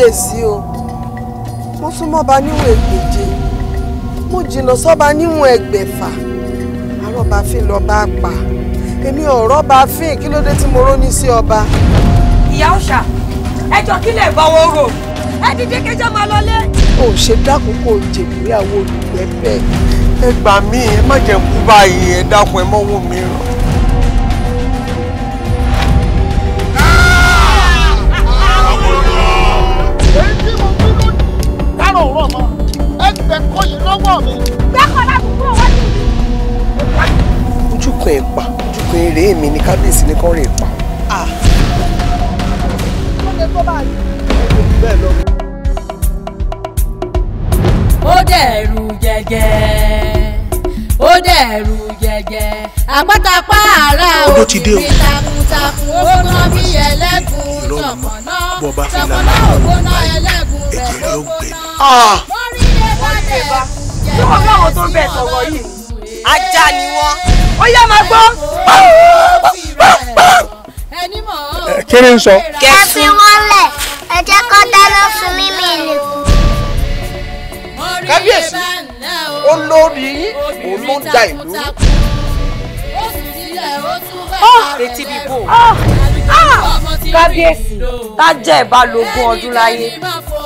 kábíyèsí o mo súnmọ́ ba níwọ̀n ẹgbẹ̀je mo jìnnà sọ́ba níwọ̀n ẹgbẹ̀fà àrọ́bà fín lọ́ba pa èmi ọ̀rọ̀ bá fín kí ló dé tí mo róní sí ọba. ìyá ọ̀ṣà ẹjọ́ kí lè bá wọn rò ẹ dìde kẹjọ máa lọlé. o ṣe dákun kó o àwọn olùgbẹ́ bẹ́ẹ̀. ẹ gbà mí ẹ má jẹ́ kú báyìí ẹ dákun ẹ mọ́wọ́ mi rán. ọkọ mi. gbẹ́kọ̀ ládùúgbò wọ́n ti rí. ojúkan ẹ̀pà ojúkan eré mi ni kábíyèsí ní kọ́rin ẹ̀pà. ó lè tó báyìí. bẹ́ẹ̀ lọ. ó dẹ̀rù jẹ̀jẹ̀ ó dẹ̀rù jẹ̀jẹ̀ àpátápá ara òkìrì takuntakun ó gbọ́n bí ẹlẹ́gùn sọ̀kànná sọ̀kànná ògbóná ẹlẹ́gùn rẹ̀ ó gbóná ṣé wọn fẹ́ àwọn tó ń sọ̀rọ̀ yìí. ajá ni wọn. ó yá máa gbọ́. kí ni n sọ. kẹsí wọn lẹ ẹ jẹ́ kó dáná sun mímí ìlẹ̀kùn. kábíyèsí olórí òun ìlú retí ah! bí bò. Ah! Ah! kábíyèsí tájẹ́ ìbálògún ọdún láyé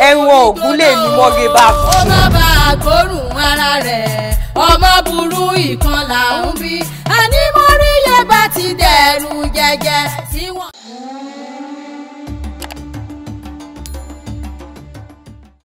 ẹ̀wọ̀n ògún lè ní bá fún un àgbórùn ara rẹ̀ ọmọ burú ìkan là ń bí àní mo rí yẹ bá ti dẹ̀rù jẹjẹ sí wọn.